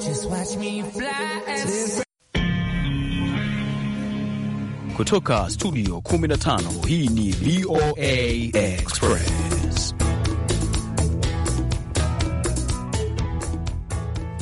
Just watch me fly and... Kutoka studio 15 hii ni VOA Express.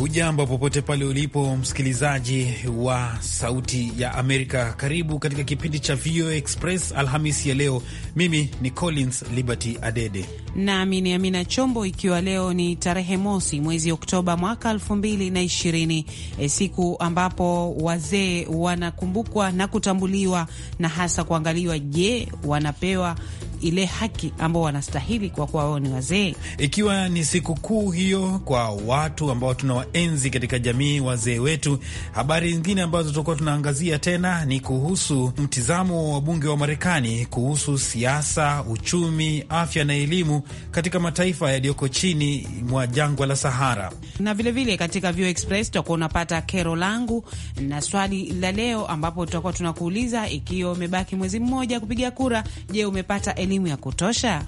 Hujambo popote pale ulipo msikilizaji wa Sauti ya Amerika, karibu katika kipindi cha VOA Express Alhamisi ya leo. Mimi ni Collins Liberty Adede nami ni Amina Chombo, ikiwa leo ni tarehe mosi mwezi Oktoba mwaka elfu mbili na ishirini, e, siku ambapo wazee wanakumbukwa na kutambuliwa na hasa kuangaliwa, je, wanapewa ile haki ambao wanastahili kwa kuwa wao ni wazee. Ikiwa ni sikukuu hiyo kwa watu ambao tunawaenzi katika jamii, wazee wetu, habari nyingine ambazo tutakuwa tunaangazia tena ni kuhusu mtizamo wa wabunge wa Marekani kuhusu siasa, uchumi, afya na elimu katika mataifa yaliyoko chini mwa jangwa la Sahara. Na vilevile vile katika Vio Express tutakuwa unapata kero langu na swali la leo, ambapo tutakuwa tunakuuliza ikiwa umebaki mwezi mmoja kupiga kura, je, umepata elimu ya kutosha?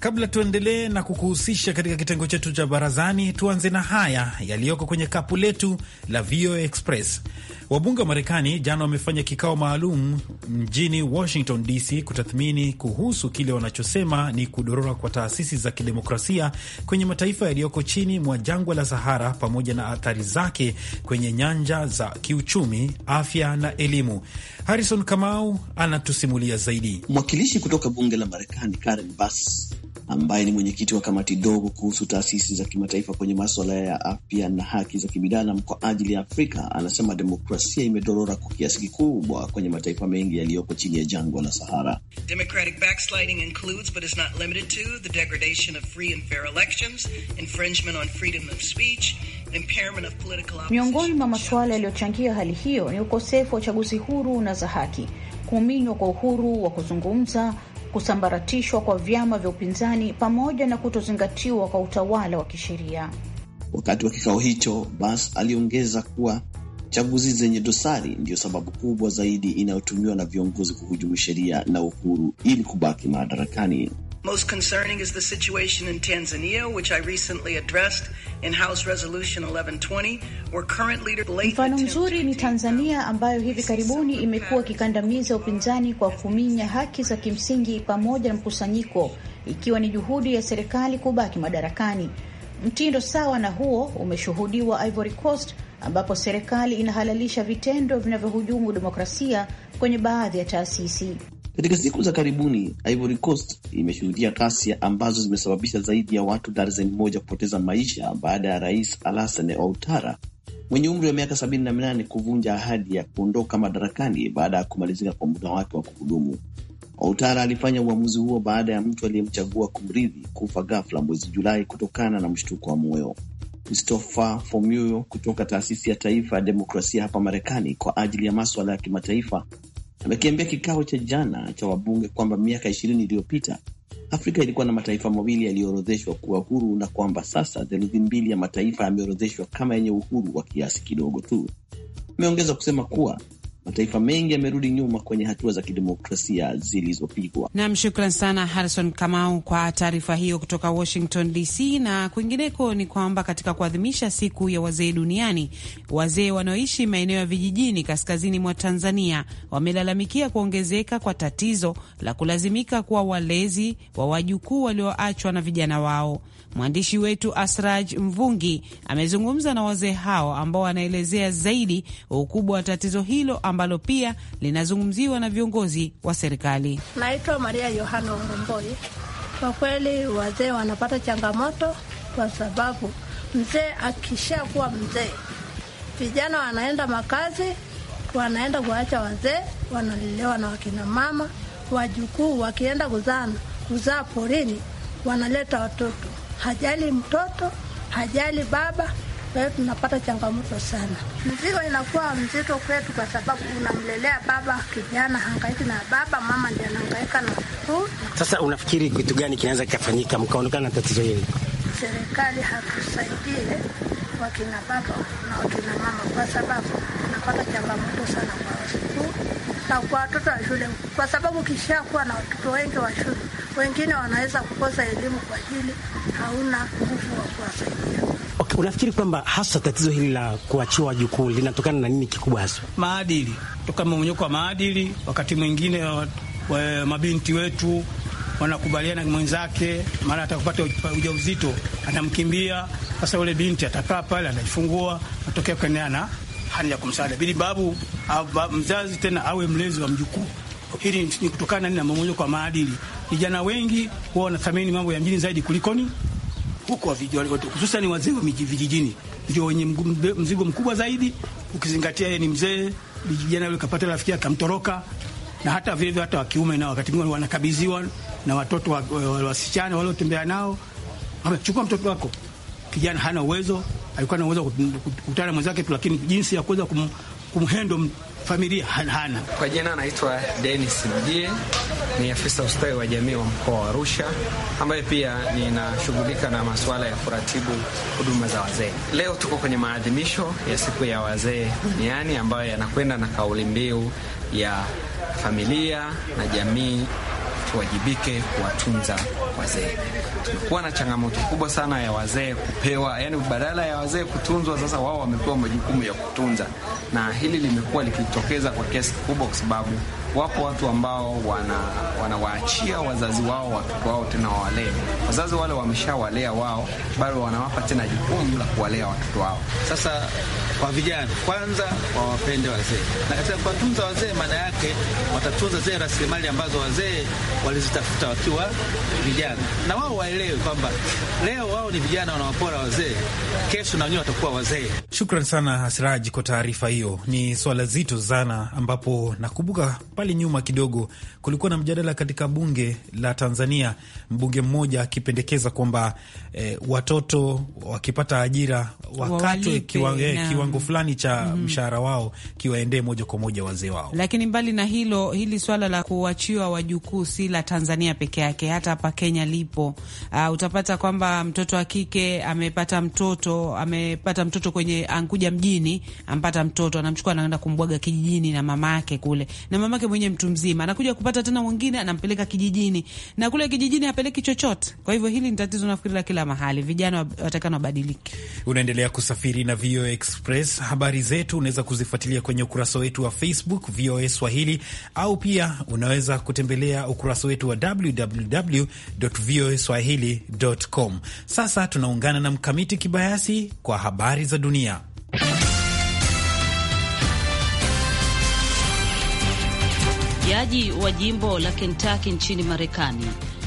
Kabla tuendelee na kukuhusisha katika kitengo chetu cha barazani, tuanze na haya yaliyoko kwenye kapu letu la VOA Express. Wabunge wa Marekani jana wamefanya kikao maalum mjini Washington DC kutathmini kuhusu kile wanachosema ni kudorora kwa taasisi za kidemokrasia kwenye mataifa yaliyoko chini mwa jangwa la Sahara pamoja na athari zake kwenye nyanja za kiuchumi, afya na elimu. Harrison Kamau anatusimulia zaidi. Mwakilishi kutoka bunge la Marekani Karen Bass ambaye ni mwenyekiti wa kamati dogo kuhusu taasisi za kimataifa kwenye maswala ya afya na haki za kibinadamu kwa ajili ya Afrika, anasema demokrasia imedorora kwa kiasi kikubwa kwenye mataifa mengi yaliyoko chini ya jangwa la Sahara. Miongoni mwa masuala yaliyochangia hali hiyo ni ukosefu wa uchaguzi huru na za haki, kuminywa kwa uhuru wa kuzungumza kusambaratishwa kwa vyama vya upinzani pamoja na kutozingatiwa kwa utawala wa kisheria. Wakati wa kikao hicho, Bas aliongeza kuwa chaguzi zenye dosari ndiyo sababu kubwa zaidi inayotumiwa na viongozi kuhujumu sheria na uhuru ili kubaki madarakani. Most concerning is the situation in Tanzania, which I recently addressed in House Resolution 1120, where current leader... Mfano mzuri ni Tanzania ambayo hivi karibuni imekuwa ikikandamiza upinzani kwa kuminya haki za kimsingi pamoja na mkusanyiko, ikiwa ni juhudi ya serikali kubaki madarakani. Mtindo sawa na huo umeshuhudiwa Ivory Coast ambapo serikali inahalalisha vitendo vinavyohujumu demokrasia kwenye baadhi ya taasisi. Katika siku za karibuni Ivory Coast imeshuhudia ghasia ambazo zimesababisha zaidi ya watu darzeni moja kupoteza maisha baada ya rais Alassane Ouattara mwenye umri wa miaka 78 kuvunja ahadi ya kuondoka madarakani baada ya kumalizika kwa muda wake wa kuhudumu. Outara alifanya uamuzi huo baada ya mtu aliyemchagua kumrithi kufa ghafla mwezi Julai kutokana na mshtuko wa moyo. Christopher Formuo kutoka taasisi ya taifa ya demokrasia hapa Marekani kwa ajili ya maswala ya kimataifa amekiambia kikao cha jana cha wabunge kwamba miaka ishirini iliyopita Afrika ilikuwa na mataifa mawili yaliyoorodheshwa kuwa huru na kwamba sasa theluthi mbili ya mataifa yameorodheshwa kama yenye uhuru wa kiasi kidogo tu. Ameongeza kusema kuwa mataifa mengi yamerudi nyuma kwenye hatua za kidemokrasia zilizopigwa. Nam, shukran sana Harrison Kamau kwa taarifa hiyo kutoka Washington DC. Na kwingineko ni kwamba katika kuadhimisha siku ya wazee duniani, wazee wanaoishi maeneo ya vijijini kaskazini mwa Tanzania wamelalamikia kuongezeka kwa tatizo la kulazimika kuwa walezi wa wajukuu walioachwa na vijana wao. Mwandishi wetu Asraj Mvungi amezungumza na wazee hao ambao wanaelezea zaidi ukubwa wa tatizo hilo ambalo pia linazungumziwa na viongozi wa serikali. Naitwa Maria Yohana Ngomboi. Kwa kweli wazee wanapata changamoto kwa sababu mzee akishakuwa mzee, vijana wanaenda makazi, wanaenda kuacha wazee, wanalelewa na wakina mama. Wajukuu wakienda kuzana kuzaa porini, wanaleta watoto hajali mtoto, hajali baba. Kwa hiyo tunapata changamoto sana, mzigo inakuwa mzito kwetu, kwa sababu unamlelea baba, kijana hangaiki na baba, mama ndiye anahangaika na mkuu. Sasa unafikiri kitu gani kinaweza kikafanyika mkaonekana na tatizo hili? Serikali hatusaidie wakina baba na wakina mama, kwa sababu tunapata changamoto sana kwa wasikuu na kwa watoto wa shule, kwa sababu kuwa na watoto wengi wa shule, wengine wanaweza kukosa elimu kwa ajili hauna nguvu wa kuwasaidia. Okay, unafikiri kwamba hasa tatizo hili la kuachiwa wajukuu linatokana na nini kikubwa hasa? Maadili, toka mmomonyoko wa maadili. Wakati mwingine wa, wa, mabinti wetu wanakubaliana mwenzake, mara atakupata ujauzito, anamkimbia. Sasa yule binti atakaa pale, anajifungua, atokea kuendeana hani ya kumsaada bidi babu mzazi tena awe mlezi wa mjukuu. Hili ni kutokana na mmoja kwa maadili. Vijana wengi huwa wanathamini mambo ya mjini zaidi kulikoni huko, hususan wazee wa vijijini ndio wenye mzigo mkubwa zaidi, ukizingatia yeye ni mzee. Vijana yule kapata rafiki akamtoroka, na hata vile hata wa kiume nao wakati mwingine wanakabidhiwa na watoto wasichana waliotembea nao. Chukua mtoto wako, kijana hana uwezo alikuwa anaweza kukutana mwenzake tu, lakini jinsi ya kuweza kum, kumhendo familia hana. Kwa jina anaitwa Dennis Mjie, ni afisa ustawi wa jamii wa mkoa wa Arusha, ambaye pia ninashughulika na masuala ya kuratibu huduma za wazee. Leo tuko kwenye maadhimisho ya siku ya wazee duniani ambayo yanakwenda na kauli mbiu ya familia na jamii tuwajibike kuwatunza wazee. Tumekuwa na changamoto kubwa sana ya wazee kupewa, yani badala ya wazee kutunzwa, sasa wao wamepewa majukumu ya kutunza, na hili limekuwa likitokeza kwa kiasi kikubwa, kwa sababu wapo watu ambao wanawaachia wana wazazi wao watoto wao tena wawalee. Wazazi wale wameshawalea wao, bado wanawapa tena jukumu la kuwalea watoto wao. Sasa kwa vijana, kwanza wawapende wazee, na katika kuwatunza wazee, maana yake watatunza zile rasilimali ambazo wazee walizitafuta wakiwa vijana, na wao waelewe kwamba leo wao ni vijana wanawapora wazee, kesho na wenyewe watakuwa wazee. Shukran sana Hasiraji kwa taarifa hiyo. Ni swala zito sana, ambapo nakumbuka pale nyuma kidogo kulikuwa na mjadala katika bunge la Tanzania, mbunge mmoja akipendekeza kwamba eh, watoto wakipata ajira wakatwe kiwa, eh, kiwango fulani cha mhm. mshahara mm -hmm. wao kiwaendee moja kwa moja wazee wao, lakini mbali na hilo hili swala la kuachiwa wajukuu si la Tanzania peke yake, hata hapa Kenya lipo. Uh, utapata kwamba mtoto wa kike amepata mtoto amepata mtoto kwenye ankuja mjini, ampata mtoto anamchukua, anaenda kumbwaga kijijini na mama yake kule, na mama yake mwenye mtu mzima anakuja kupata tena mwingine, anampeleka kijijini, na kule kijijini apeleki chochote. Kwa hivyo hili ni tatizo nafikiri la kila mahali, vijana watakana wabadilike. Unaendelea kusafiri na VOA Express. Habari zetu unaweza kuzifuatilia kwenye ukurasa wetu wa Facebook VOA Swahili au pia unaweza kutembelea ukurasa wetu wa www voa swahili com. Sasa tunaungana na Mkamiti Kibayasi kwa habari za dunia. Jaji wa jimbo la kentaki nchini Marekani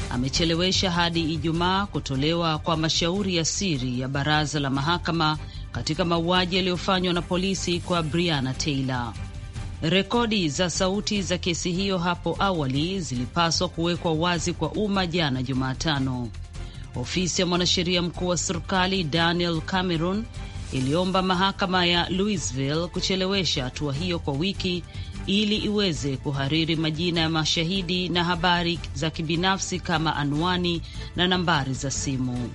amechelewesha hadi Ijumaa kutolewa kwa mashauri ya siri ya baraza la mahakama katika mauaji yaliyofanywa na polisi kwa briana Taylor. Rekodi za sauti za kesi hiyo hapo awali zilipaswa kuwekwa wazi kwa umma jana Jumatano. Ofisi ya mwanasheria mkuu wa serikali Daniel Cameron iliomba mahakama ya Louisville kuchelewesha hatua hiyo kwa wiki ili iweze kuhariri majina ya mashahidi na habari za kibinafsi kama anwani na nambari za simu.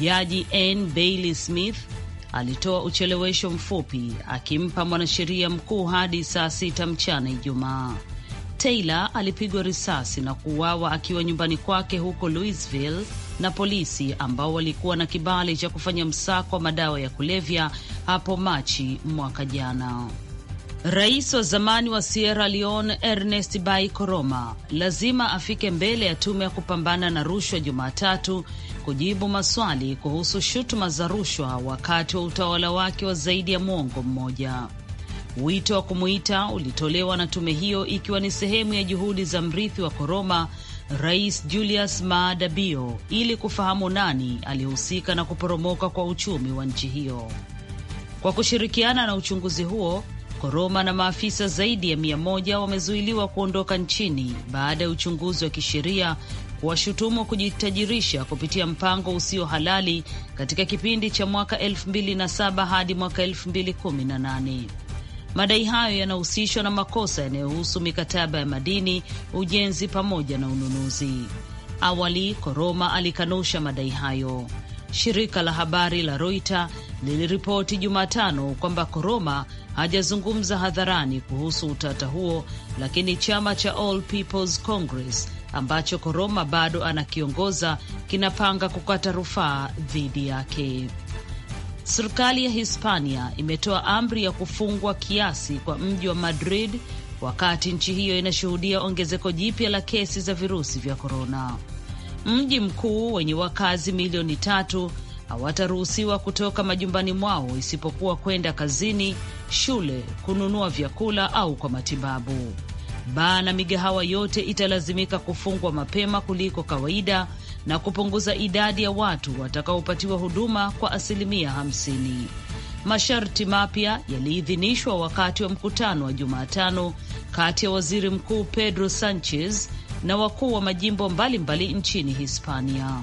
Jaji N Bailey Smith alitoa uchelewesho mfupi akimpa mwanasheria mkuu hadi saa sita mchana Ijumaa. Taylor alipigwa risasi na kuuawa akiwa nyumbani kwake huko Louisville na polisi ambao walikuwa na kibali cha kufanya msako wa madawa ya kulevya hapo Machi mwaka jana. Rais wa zamani wa Sierra Leone Ernest Bai Koroma lazima afike mbele ya tume ya kupambana na rushwa Jumatatu kujibu maswali kuhusu shutuma za rushwa wakati wa utawala wake wa zaidi ya mwongo mmoja. Wito wa kumuita ulitolewa na tume hiyo ikiwa ni sehemu ya juhudi za mrithi wa Koroma, Rais Julius Maada Bio, ili kufahamu nani alihusika na kuporomoka kwa uchumi wa nchi hiyo. Kwa kushirikiana na uchunguzi huo, Koroma na maafisa zaidi ya mia moja wamezuiliwa kuondoka nchini baada ya uchunguzi wa kisheria kuwashutumu kujitajirisha kupitia mpango usio halali katika kipindi cha mwaka 2007 hadi mwaka 2018. Madai hayo yanahusishwa na makosa yanayohusu mikataba ya madini, ujenzi pamoja na ununuzi. Awali Koroma alikanusha madai hayo. Shirika la habari la Reuters liliripoti Jumatano kwamba Koroma hajazungumza hadharani kuhusu utata huo, lakini chama cha All People's Congress ambacho Koroma bado anakiongoza kinapanga kukata rufaa dhidi yake. Serikali ya Hispania imetoa amri ya kufungwa kiasi kwa mji wa Madrid wakati nchi hiyo inashuhudia ongezeko jipya la kesi za virusi vya korona mji mkuu wenye wakazi milioni tatu hawataruhusiwa kutoka majumbani mwao isipokuwa kwenda kazini, shule, kununua vyakula au kwa matibabu. Baa na migahawa yote italazimika kufungwa mapema kuliko kawaida na kupunguza idadi ya watu watakaopatiwa huduma kwa asilimia 50 Masharti mapya yaliidhinishwa wakati wa mkutano wa Jumatano kati ya waziri mkuu Pedro Sanchez na wakuu wa majimbo mbalimbali mbali nchini Hispania.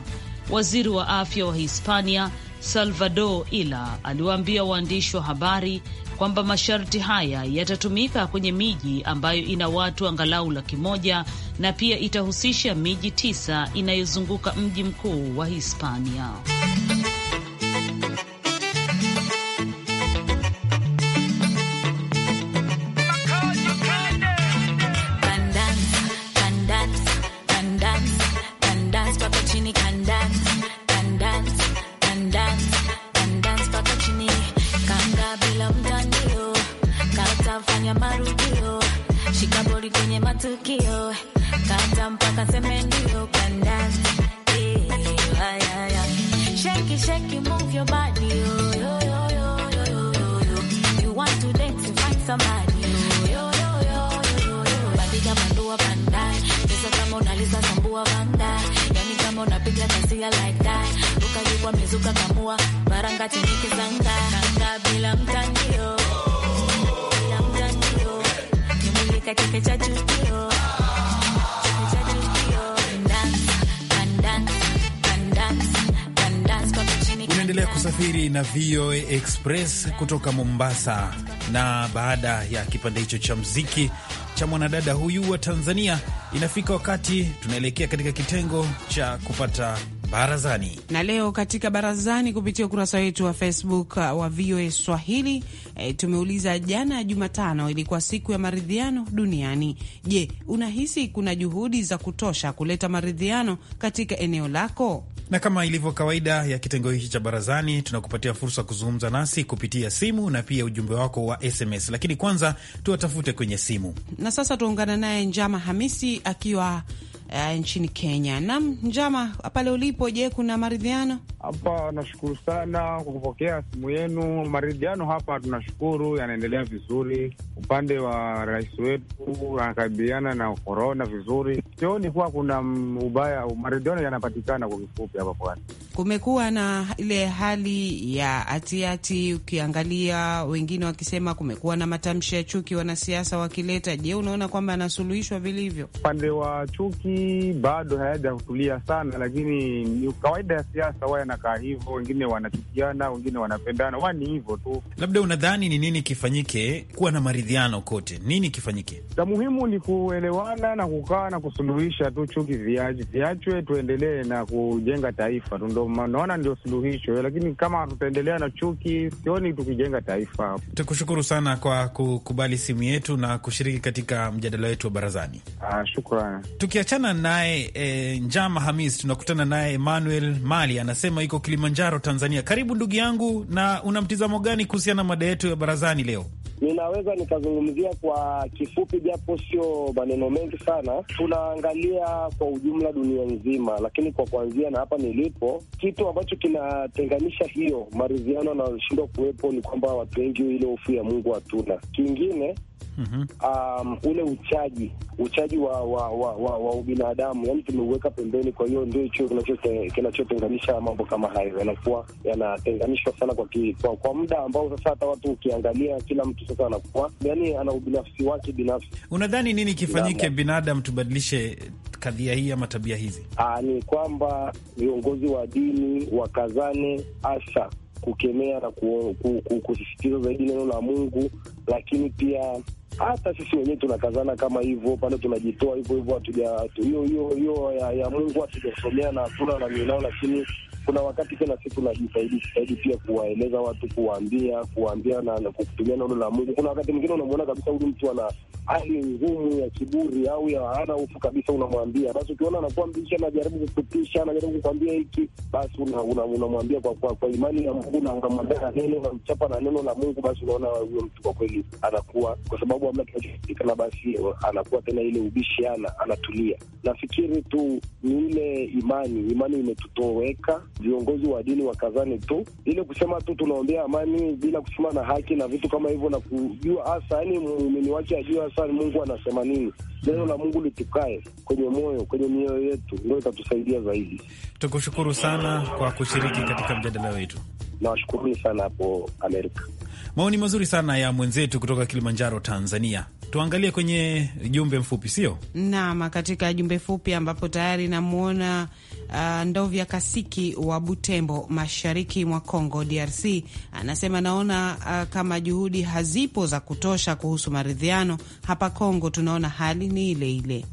Waziri wa afya wa Hispania Salvador Illa aliwaambia waandishi wa habari kwamba masharti haya yatatumika kwenye miji ambayo ina watu angalau laki moja na pia itahusisha miji tisa inayozunguka mji mkuu wa Hispania. kufanya marudio, shika boli kwenye matukio, kanda mpaka seme ndio kanda Shake, shake, move your body, You like that, ukajibwa mizuka kamua, baranga chenye bila Unaendelea kusafiri na VOA Express kutoka Mombasa, na baada ya kipande hicho cha mziki cha mwanadada huyu wa Tanzania, inafika wakati tunaelekea katika kitengo cha kupata barazani. Na leo katika barazani kupitia ukurasa wetu wa Facebook uh, wa VOA Swahili e, tumeuliza jana Jumatano ilikuwa siku ya maridhiano duniani. Je, unahisi kuna juhudi za kutosha kuleta maridhiano katika eneo lako? Na kama ilivyo kawaida ya kitengo hichi cha barazani, tunakupatia fursa kuzungumza nasi kupitia simu na pia ujumbe wako wa SMS, lakini kwanza tuwatafute kwenye simu. Na sasa tuungana naye Njama Hamisi akiwa uh, nchini Kenya. Nam Njama, pale ulipo, je, kuna maridhiano hapa? Nashukuru sana kwa kupokea simu yenu. Maridhiano hapa tunashukuru yanaendelea vizuri. Upande wa rais wetu anakabiliana na korona vizuri, sioni kuwa kuna ubaya. Maridhiano yanapatikana kwa kifupi hapa pwani. Kumekuwa na ile hali ya hatiati ukiangalia wengine wakisema kumekuwa na matamshi ya chuki wanasiasa wakileta. Je, unaona kwamba yanasuluhishwa vilivyo upande wa chuki? bado hayajatulia sana, lakini ni kawaida ya siasa, wao yanakaa hivyo, wengine wanachukiana, wengine wanapendana, ni hivyo tu. Labda unadhani ni nini kifanyike kuwa na maridhiano kote? Nini kifanyike? Cha muhimu ni kuelewana na kukaa na kusuluhisha tu chuki ziachwe, tuendelee na kujenga taifa. Naona ndio suluhisho, lakini kama tutaendelea na chuki, sioni tukijenga taifa. Tukushukuru sana kwa kukubali simu yetu na kushiriki katika mjadala wetu wa barazani. Ah, shukrani. Tukiachana tunakutana naye e, Njama Hamis, tunakutana naye Emmanuel Mali, anasema iko Kilimanjaro, Tanzania. Karibu ndugu yangu, na una mtizamo gani kuhusiana na mada yetu ya barazani leo? Ninaweza nikazungumzia kwa kifupi, japo sio maneno mengi sana. Tunaangalia kwa ujumla dunia nzima, lakini kwa kuanzia na hapa nilipo, kitu ambacho kinatenganisha hiyo maridhiano anayoshindwa kuwepo ni kwamba watu wengi ile hofu ya Mungu hatuna. Kingine Mm Um, ule uchaji uchaji wa wa wa, wa, wa ubinadamu yani tumeuweka pembeni. Kwa hiyo ndio hicho kinachotenganisha mambo kama hayo, yanakuwa yanatenganishwa sana kwa, ki, kwa kwa muda ambao sasa hata watu ukiangalia, kila mtu sasa anakuwa yani ana ubinafsi wake binafsi. Unadhani nini kifanyike binadamu tubadilishe kadhia hii ama tabia hizi? Aa, ah, ni kwamba viongozi wa dini wakazane, hasa kukemea na kusisitiza zaidi neno la Mungu, lakini pia hata sisi wenyewe tunakazana kama hivyo pale, tunajitoa hivyo hivyo, hatuja hiyo hiyo ya, ya Mungu hatujasomea na hatuna na mionao, lakini kuna wakati kila siku najitahidi jitahidi pia kuwaeleza watu, kuwaambia kuwaambia na, na kutumia neno la Mungu. Kuna wakati mwingine unamwona kabisa huyu mtu ana hali ngumu ya kiburi au ya hana hofu kabisa, unamwambia basi. Ukiona anakuwa mbishi, anajaribu kukutisha, anajaribu kukwambia hiki, basi unamwambia kwa, kwa, kwa imani ya Mungu na unamwambia na neno, unamchapa na neno la Mungu, basi unaona huyo mtu kwa kweli anakuwa, kwa sababu amna kinachopatikana, basi anakuwa tena ile ubishi ana anatulia. Nafikiri tu ni ile imani, imani imetutoweka viongozi wa dini wakazane tu, ili kusema tu tunaombea amani bila kusema na haki na vitu kama hivyo, na kujua hasa yani muumini wake ajue hasa Mungu anasema nini. Neno la Mungu litukae kwenye moyo, kwenye mioyo yetu, ndio itatusaidia zaidi. Tukushukuru sana kwa kushiriki katika mjadala wetu. Nawashukuruni sana hapo Amerika. Maoni mazuri sana ya mwenzetu kutoka Kilimanjaro, Tanzania. Tuangalie kwenye jumbe mfupi, sio nam, katika jumbe fupi ambapo tayari namwona uh, Ndovya Kasiki wa Butembo, mashariki mwa Congo DRC, anasema naona uh, kama juhudi hazipo za kutosha kuhusu maridhiano hapa Congo, tunaona hali ni ile ile.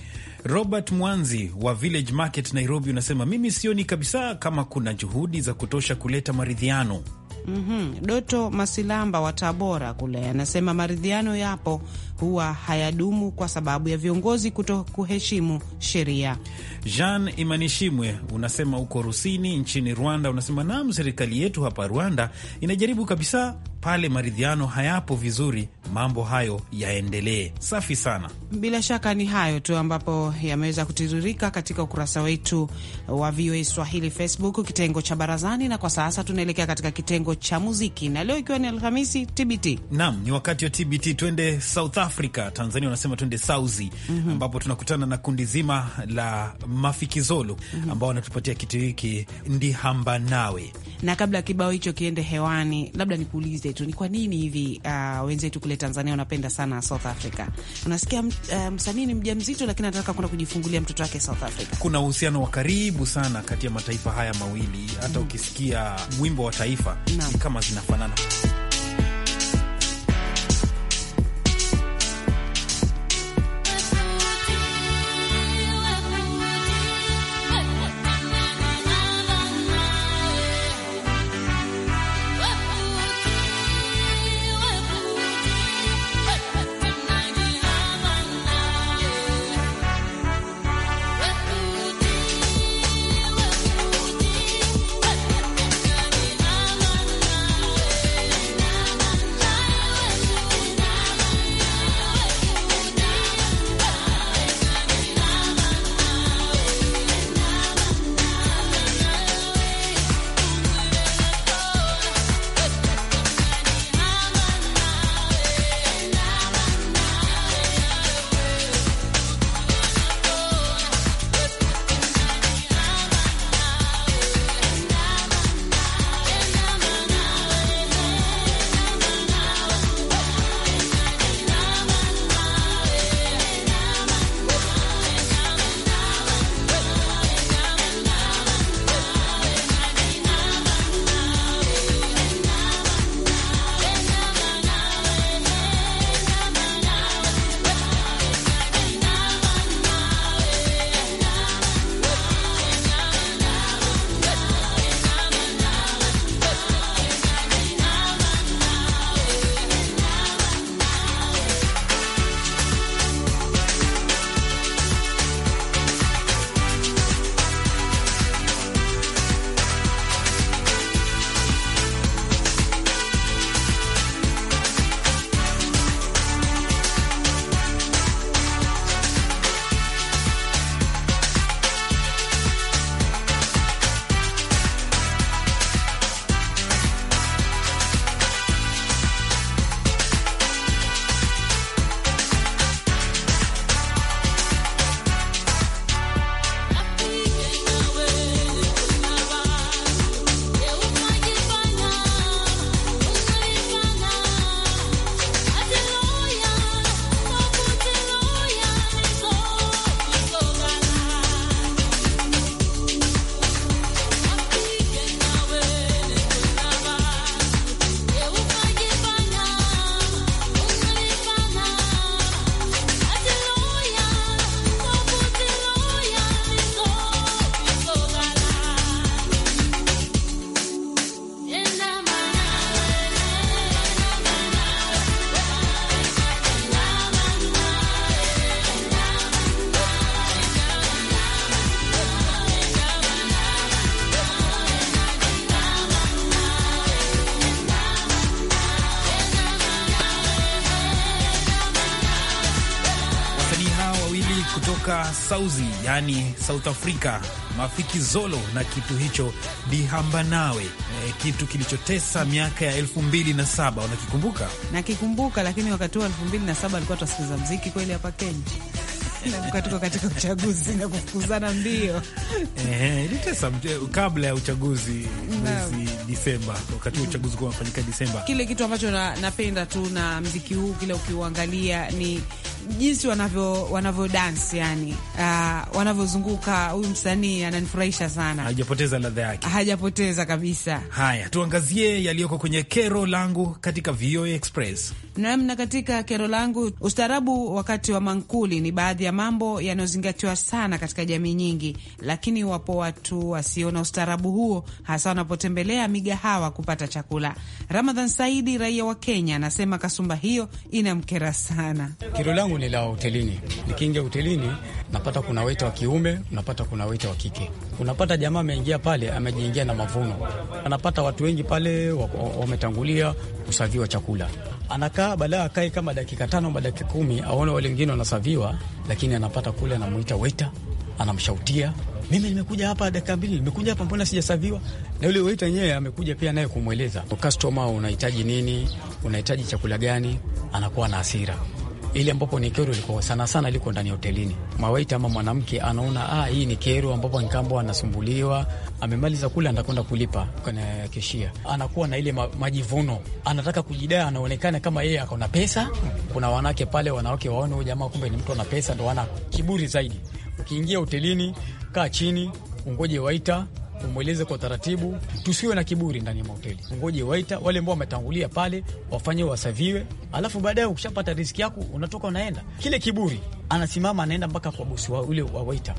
Robert Mwanzi wa Village Market Nairobi unasema mimi sioni kabisa kama kuna juhudi za kutosha kuleta maridhiano Mm -hmm. Doto Masilamba wa Tabora kule anasema maridhiano yapo, huwa hayadumu kwa sababu ya viongozi kuto kuheshimu sheria. Jean Imanishimwe unasema uko Rusini nchini Rwanda, unasema naam, serikali yetu hapa Rwanda inajaribu kabisa pale maridhiano hayapo vizuri, mambo hayo yaendelee. Safi sana. Bila shaka ni hayo tu ambapo yameweza kutiririka katika ukurasa wetu wa VOA Swahili Facebook, kitengo cha barazani, na kwa sasa tunaelekea katika kitengo cha muziki, na leo ikiwa ni Alhamisi TBT. Naam, ni wakati wa TBT. Twende South Africa, Tanzania wanasema twende Sauzi, mm -hmm. ambapo tunakutana na kundi zima la Mafikizolo mm -hmm. ambao wanatupatia kitu hiki ndihamba nawe, na kabla kibao hicho kiende hewani, labda nikuulize yetu. ni kwa nini hivi uh, wenzetu kule Tanzania wanapenda sana South Africa. Unasikia um, msanii um, ni mzito lakini anataka kwenda kujifungulia mtoto wake South Africa. Kuna uhusiano wa karibu sana kati ya mataifa haya mawili hata mm. ukisikia wimbo wa taifa no. ni kama zinafanana. Sauzi yani South Africa, Mafiki Zolo na kitu hicho Dihambanawe, e, kitu kilichotesa miaka ya elfu mbili na saba. Unakikumbuka? Nakikumbuka, lakini wakati huo elfu mbili na saba alikuwa tunasikiliza mziki kweli hapa Kenya tuko katika uchaguzi na kufukuzana mbio ilitesa kabla ya uchaguzi mwezi Disemba. Wakati wa uchaguzi kuwa unafanyika Disemba, kile kitu ambacho na, napenda tu na mziki huu, kila ukiuangalia ni jinsi wanavyo wanavyo dance yani, uh, wanavyozunguka. Huyu msanii ananifurahisha sana, hajapoteza ladha yake, hajapoteza kabisa. Haya, tuangazie yaliyoko kwenye kero langu katika VOA Express na Katika kero langu, ustaarabu wakati wa mankuli ni baadhi ya mambo yanayozingatiwa sana katika jamii nyingi, lakini wapo watu wasiona ustaarabu huo, hasa wanapotembelea migahawa kupata chakula. Ramadhan Saidi, raia wa Kenya, anasema kasumba hiyo inamkera sana. Kero langu langu ni la hotelini. Nikiingia hotelini, napata kuna waita wa kiume, unapata kuna waita wa kike, unapata jamaa ameingia pale, amejiingia na mavuno, anapata watu wengi pale wametangulia kusaviwa chakula, anakaa baadaye, akae kama dakika tano ama dakika kumi, aone wale wengine wanasaviwa, lakini anapata kule, anamwita weta, anamshautia mimi nimekuja hapa dakika mbili, nimekuja hapa, mbona sijasaviwa? Na yule weta yenyewe amekuja pia naye kumweleza customer, unahitaji nini, unahitaji chakula gani, anakuwa na hasira ile ambapo ni kero ilikuwa sana sana liko ndani ya hotelini. Mawaita ama mwanamke anaona ah, hii ni kero ambapo nikambo anasumbuliwa, amemaliza kula, anakwenda kulipa kwenye keshia, anakuwa na ile majivuno, anataka kujidai, anaonekana kama yeye akona pesa. Kuna wanawake pale, wanawake waone huyu jamaa kumbe ni mtu ana pesa, ndo ana kiburi zaidi. Ukiingia hotelini, kaa chini, ungoje waita umweleze kwa taratibu, tusiwe na kiburi ndani ya mahoteli. Ngoje waita wale ambao wametangulia pale wafanye wasaviwe, alafu baadaye ukishapata riski yako unatoka unaenda. Kile kiburi, anasimama anaenda mpaka kwa bosi wa ule wa waita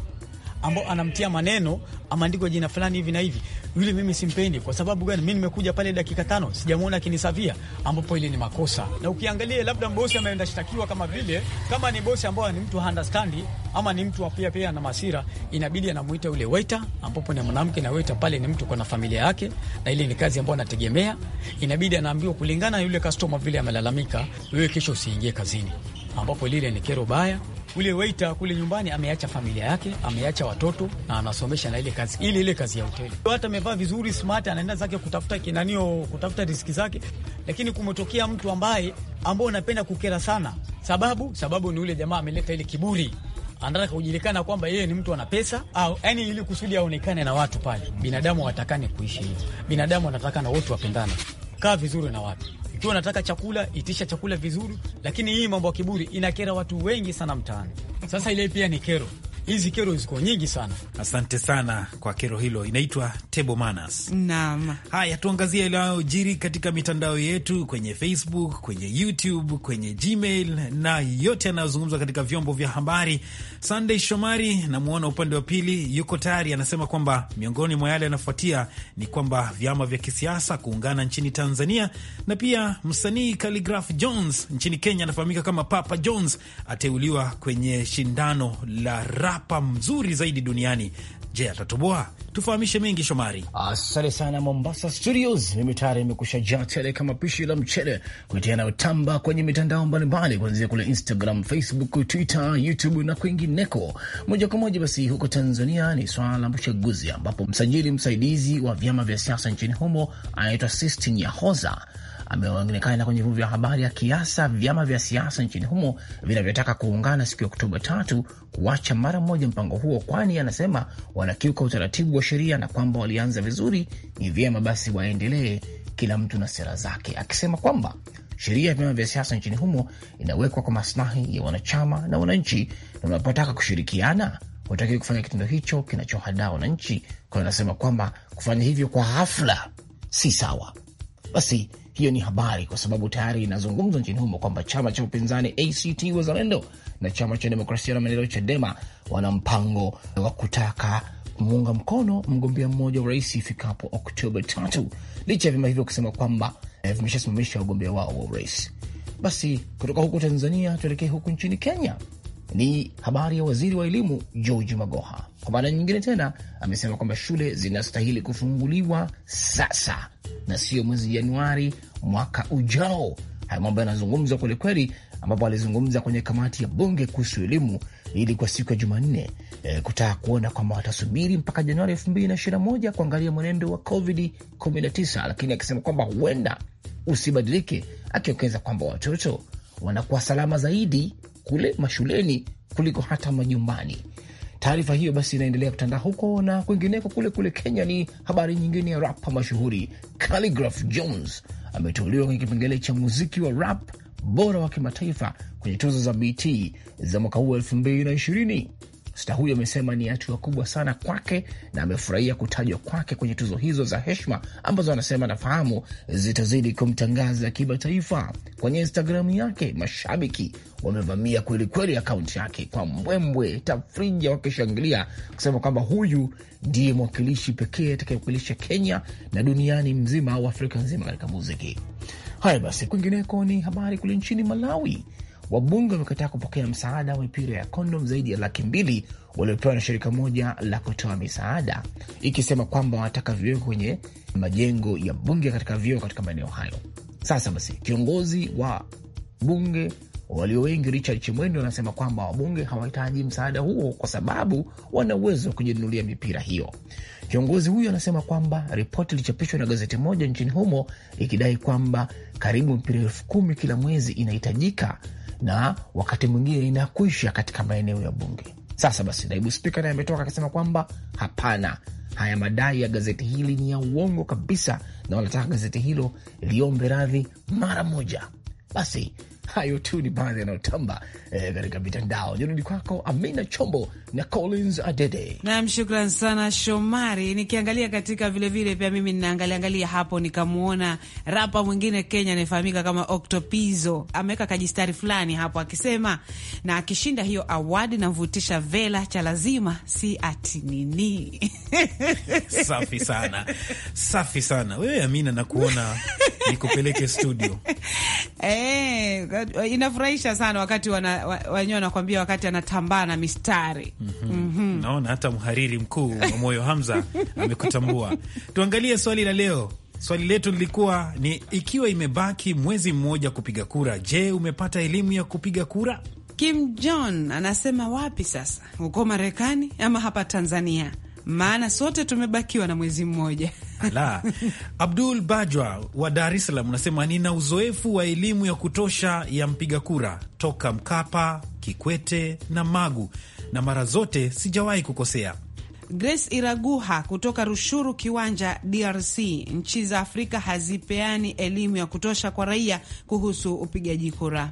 ambao anamtia maneno ameandikwa jina fulani hivi na hivi, yule mimi simpendi. Kwa sababu gani? Mimi nimekuja pale dakika tano sijamuona akinisavia, ambapo ile ni makosa. Na ukiangalia labda bosi ameenda shtakiwa, kama vile kama ni bosi ambao ni mtu understand ama ni mtu pia pia na masira, inabidi anamuita yule waiter, ambapo ni mwanamke na waiter pale ni mtu kuna familia yake na ile ni kazi ambayo anategemea, inabidi anaambiwa kulingana na yule customer vile amelalamika, wewe kesho usiingie kazini, ambapo lile ni kero baya Ule waiter kule nyumbani ameacha familia yake, ameacha watoto na anasomesha na ile kazi ile ile kazi ya hoteli. Hata amevaa vizuri smart, anaenda zake kutafuta kinanio, kutafuta riziki zake, lakini kumetokea mtu ambaye ambao anapenda kukera sana. Sababu sababu ni ule jamaa ameleta ile kiburi anataka kujulikana kwamba yeye ni mtu ana pesa au yani, ili kusudi aonekane na watu pale. Binadamu watakane kuishi hivyo, binadamu wanatakana wote wapendane, kaa vizuri na watu ukiwa unataka chakula, itisha chakula vizuri, lakini hii mambo ya kiburi inakera watu wengi sana mtaani. Sasa ile pia ni kero hizi kero ziko nyingi sana. Asante sana kwa kero hilo, inaitwa table manners. Naam, haya tuangazie iliyojiri katika mitandao yetu, kwenye Facebook, kwenye YouTube, kwenye Gmail na yote yanayozungumzwa katika vyombo vya habari. Sunday Shomari namwona upande wa pili yuko tayari, anasema kwamba miongoni mwa yale yanafuatia ni kwamba vyama vya kisiasa kuungana nchini Tanzania na pia msanii Khaligraph Jones nchini Kenya anafahamika kama Papa Jones ateuliwa kwenye shindano la rapa mzuri zaidi duniani. Je, atatoboa? Tufahamishe mengi, Shomari. Asante sana Mombasa Studios. Mimi tayari imekusha jaa tele kama pishi la mchele kuletea nayotamba kwenye mitandao mbalimbali, kuanzia kule Instagram, Facebook, Twitter, YouTube na kwingineko. Moja kwa moja basi, huko Tanzania ni swala la uchaguzi, ambapo msajili msaidizi wa vyama vya siasa nchini humo anaitwa Sistin Yahoza ameonekana kwenye vyombo vya habari akiasa vyama vya siasa nchini humo vinavyotaka kuungana siku ya Oktoba tatu kuacha mara moja mpango huo, kwani anasema wanakiuka utaratibu wa sheria na kwamba walianza vizuri, ni vyema basi waendelee, kila mtu na sera zake, akisema kwamba sheria ya vyama vya siasa nchini humo inawekwa kwa maslahi ya wanachama na wananchi, na unapotaka kushirikiana hutakiwi kufanya kitendo hicho kinachohadaa wananchi. Kwa anasema kwamba kufanya hivyo kwa hafla si sawa. Basi hiyo ni habari, kwa sababu tayari inazungumzwa nchini humo kwamba chama cha upinzani ACT Wazalendo na chama cha demokrasia na maendeleo CHADEMA wana mpango wa kutaka kumuunga mkono mgombea mmoja wa urais ifikapo Oktoba tatu, licha ya vyama hivyo kusema kwamba eh, vimeshasimamisha ugombea wao wa urais. Basi kutoka huko Tanzania tuelekee huku nchini Kenya. Ni habari ya waziri wa elimu George Magoha. Kwa maana nyingine tena amesema kwamba shule zinastahili kufunguliwa sasa na sio mwezi Januari mwaka ujao. Haya mambo yanazungumzwa kwelikweli, ambapo alizungumza kwenye kamati ya bunge kuhusu elimu ili kwa siku ya Jumanne e, kutaka kuona kwamba watasubiri mpaka Januari elfu mbili na ishirini na moja kuangalia mwenendo wa Covid 19, lakini akisema kwamba huenda usibadilike, akiongeza kwamba watoto wanakuwa salama zaidi kule mashuleni kuliko hata majumbani. Taarifa hiyo basi inaendelea kutanda huko na kwingineko kule kule Kenya. Ni habari nyingine ya rapa mashuhuri Khaligraph Jones ameteuliwa kwenye kipengele cha muziki wa rap bora wa kimataifa kwenye tuzo za BT za mwaka huu elfu mbili na ishirini sta huyo amesema ni hatua kubwa sana kwake na amefurahia kutajwa kwake kwenye tuzo hizo za heshima ambazo anasema anafahamu zitazidi kumtangaza kimataifa. Kwenye Instagramu yake mashabiki wamevamia kwelikweli akaunti yake kwa mbwembwe, tafrija wakishangilia kusema kwamba huyu ndiye mwakilishi pekee atakayewakilisha Kenya na duniani mzima au Afrika nzima katika muziki. Haya basi, kwingineko ni habari kule nchini Malawi Wabunge wamekataa kupokea msaada wa mipira ya kondom zaidi ya laki mbili waliopewa na shirika moja la kutoa misaada, ikisema kwamba wanataka viwekwe kwenye majengo ya bunge katika vyoo katika maeneo hayo. Sasa basi, kiongozi wa bunge walio wengi Richard Chimwendi wanasema kwamba wabunge hawahitaji msaada huo kwa sababu wana uwezo wa kujinunulia mipira hiyo. Kiongozi huyo anasema kwamba ripoti ilichapishwa na gazeti moja nchini humo ikidai kwamba karibu mipira elfu kumi kila mwezi inahitajika na wakati mwingine inakwisha katika maeneo ya bunge. Sasa basi, naibu spika naye ametoka akasema kwamba hapana, haya madai ya gazeti hili ni ya uongo kabisa, na wanataka gazeti hilo liombe radhi mara moja. Basi Hayo tu ni baadhi yanayotamba eh, katika e, mitandao. Nirudi kwako Amina Chombo na Collins Adede. Naam, shukran sana Shomari. Nikiangalia katika vilevile vile, pia mimi ninaangaliangalia hapo nikamwona rapa mwingine Kenya anayefahamika kama Octopizo ameweka kajistari fulani hapo akisema, na akishinda hiyo awadi namvutisha vela cha lazima si ati nini. Safi sana, safi sana wewe Amina, nakuona nikupeleke studio Eh, eh, inafurahisha sana wakati wenyewe wanakwambia wakati anatambaa na mistari. mm -hmm. mm -hmm. Naona hata mhariri mkuu wa Moyo Hamza amekutambua. Tuangalie swali la leo. Swali letu lilikuwa ni ikiwa imebaki mwezi mmoja kupiga kura, je, umepata elimu ya kupiga kura? Kim John anasema wapi sasa, uko Marekani ama hapa Tanzania? maana sote tumebakiwa na mwezi mmoja. Ala, Abdul Bajwa wa Dar es Salaam unasema nina uzoefu wa elimu ya kutosha ya mpiga kura toka Mkapa, Kikwete na Magu, na mara zote sijawahi kukosea. Grace Iraguha kutoka Rushuru Kiwanja, DRC. Nchi za Afrika hazipeani elimu ya kutosha kwa raia kuhusu upigaji kura.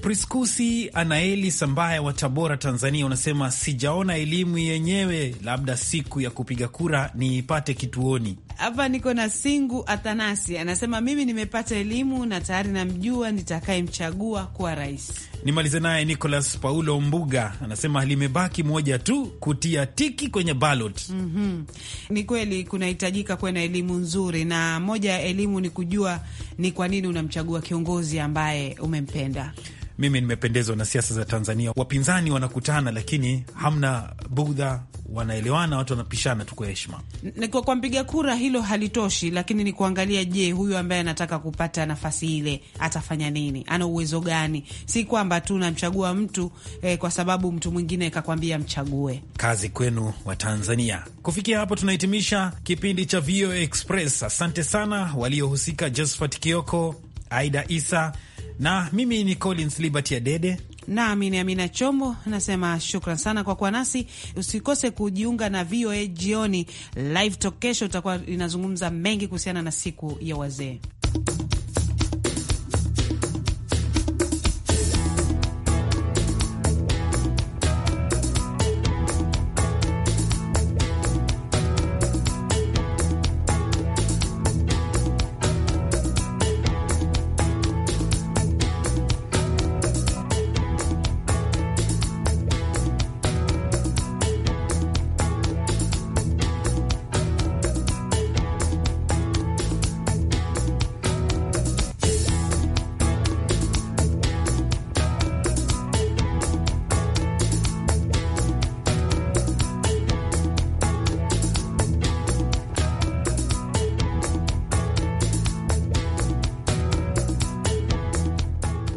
Priskusi Anaeli Sambaya wa Tabora, Tanzania, unasema sijaona elimu yenyewe, labda siku ya kupiga kura niipate kituoni. Hapa niko na Singu Athanasi, anasema mimi nimepata elimu na tayari namjua nitakayemchagua kuwa rais. Nimalize naye Nicolas Paulo Mbuga, anasema limebaki moja tu, kutia tiki kwenye balot. mm -hmm. Ni kweli kunahitajika kuwe na elimu nzuri, na moja ya elimu ni kujua ni kwa nini unamchagua kiongozi ambaye umempenda mimi nimependezwa na siasa za Tanzania. Wapinzani wanakutana, lakini hamna budha, wanaelewana, watu wanapishana tu kwa heshima. Kwa mpiga kura hilo halitoshi, lakini ni kuangalia, je, huyu ambaye anataka kupata nafasi ile atafanya nini? Ana uwezo gani? Si kwamba tu namchagua mtu eh, kwa sababu mtu mwingine kakwambia mchague. Kazi kwenu Watanzania. Kufikia hapo tunahitimisha kipindi cha VOA Express. Asante sana waliohusika, Josephat Kioko, Aida Isa na mimi ni Collins Liberty Adede nami ni Amina Chombo, nasema shukran sana kwa kuwa nasi. Usikose kujiunga na VOA jioni live talk. Kesho itakuwa inazungumza mengi kuhusiana na siku ya wazee.